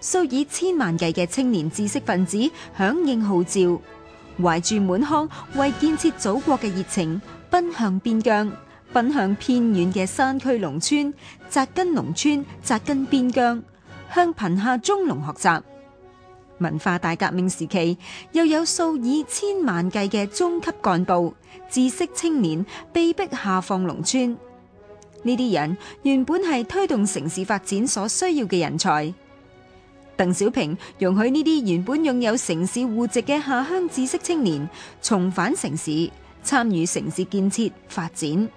數以千萬計嘅青年知識分子響應號召，懷住滿腔為建設祖國嘅熱情，奔向邊疆，奔向偏遠嘅山區農村，扎根農村，扎根邊疆，向貧下中農學習。文化大革命時期，又有數以千萬計嘅中級幹部、知識青年被迫下放農村。呢啲人原本係推動城市發展所需要嘅人才。鄧小平容許呢啲原本擁有城市戶籍嘅下鄉知識青年重返城市，參與城市建設發展。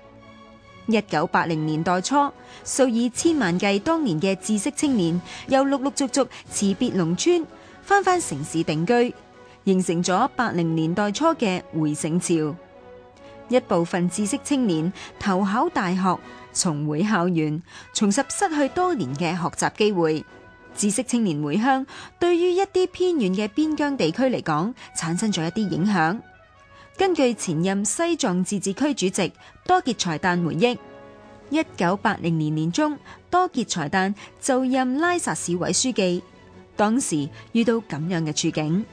一九八零年代初，數以千萬計當年嘅知識青年又陸陸續續辭別農村，翻返城市定居，形成咗八零年代初嘅回城潮。一部分知識青年投考大學，重回校園，重拾失去多年嘅學習機會。知識青年回鄉對於一啲偏遠嘅邊疆地區嚟講，產生咗一啲影響。根據前任西藏自治區主席多杰才旦回憶，一九八零年年中，多傑才旦就任拉薩市委書記，當時遇到咁樣嘅處境。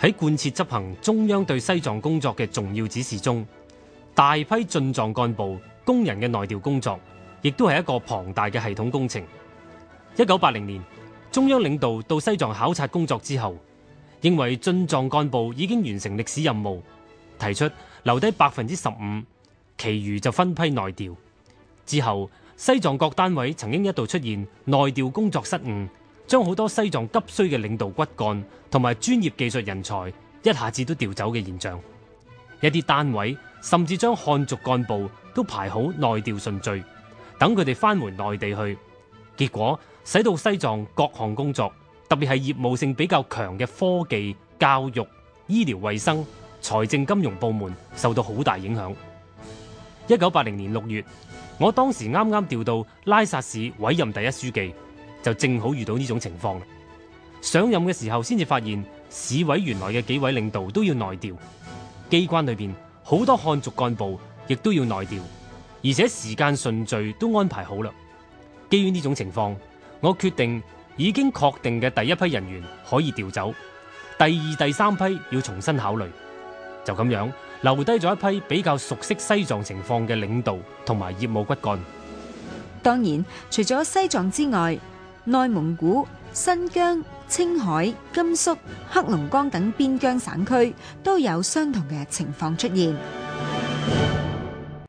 喺貫徹執行中央對西藏工作嘅重要指示中，大批進藏幹部、工人嘅內調工作，亦都係一個龐大嘅系統工程。一九八零年，中央領導到西藏考察工作之後，認為進藏幹部已經完成歷史任務，提出留低百分之十五，其餘就分批內調。之後，西藏各單位曾經一度出現內調工作失誤，將好多西藏急需嘅領導骨幹同埋專業技術人才一下子都調走嘅現象。一啲單位甚至將漢族幹部都排好內調順序，等佢哋翻回內地去。結果使到西藏各項工作，特別係業務性比較強嘅科技、教育、醫療衛生、財政金融部門受到好大影響。一九八零年六月，我當時啱啱調到拉薩市委任第一書記，就正好遇到呢種情況。上任嘅時候先至發現，市委原來嘅幾位領導都要內調，機關裏邊好多漢族幹部亦都要內調，而且時間順序都安排好了。基於呢種情況，我決定已經確定嘅第一批人員可以調走，第二、第三批要重新考慮。就咁樣留低咗一批比較熟悉西藏情況嘅領導同埋業務骨幹。當然，除咗西藏之外，內蒙古、新疆、青海、甘肅、黑龍江等邊疆省區都有相同嘅情況出現。